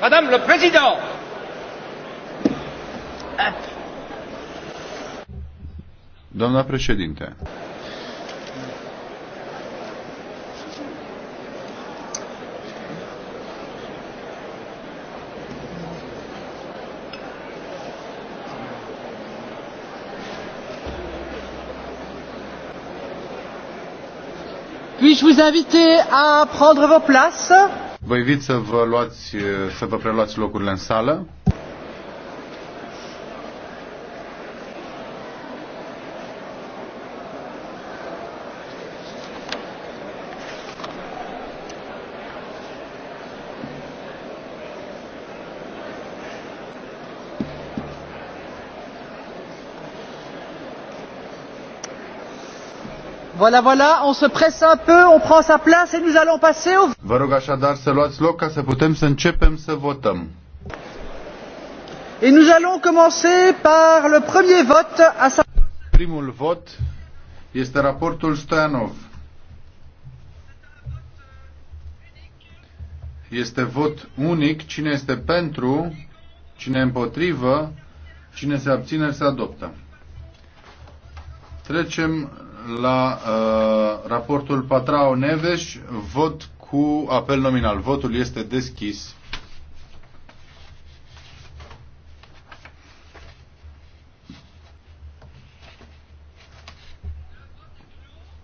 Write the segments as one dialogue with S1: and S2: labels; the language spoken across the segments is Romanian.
S1: Madame le Président
S2: Doamna președinte
S1: Puis-je vous inviter à prendre vos places?
S2: Vă invit să vă, luați, să vă preluați locurile în sală.
S1: Voilà, voilà, on se presse un peu, on prend sa place et nous allons passer au...
S2: Vă rog așadar să luați loc ca să putem să începem să votăm.
S1: Et nous allons commencer par le premier vote à sa... Primul vot este
S2: raportul Stoianov. Este vot unic. Cine este pentru, cine împotrivă, cine se abține, se adoptă. Trecem la uh, raportul Patrao Neveș, vot cu apel nominal. Votul este deschis.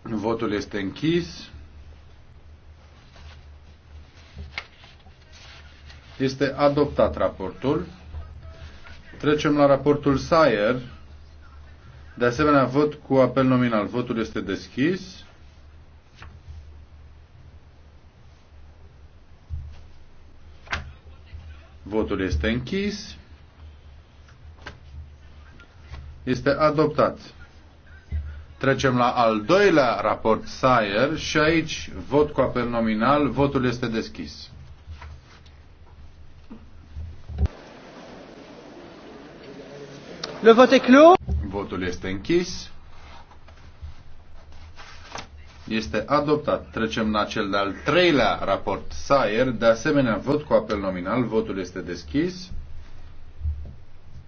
S2: Votul este închis. Este adoptat raportul. Trecem la raportul Sayer. De asemenea, vot cu apel nominal. Votul este deschis. Votul este închis. Este adoptat. Trecem la al doilea raport Sayer și aici vot cu apel nominal, votul este deschis. Le vote clos. Votul este închis. Este adoptat. Trecem la cel de-al treilea raport, Sayer. De asemenea, vot cu apel nominal. Votul este deschis.